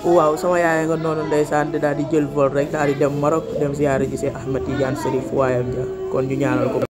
waaw sama yaay nga noonu ndeysaan di daal di jël bool rek daal di dem Maroc dem ziyaara ji si Ahmed Tidiane Serif waayam ja kon ñu ñaanal ko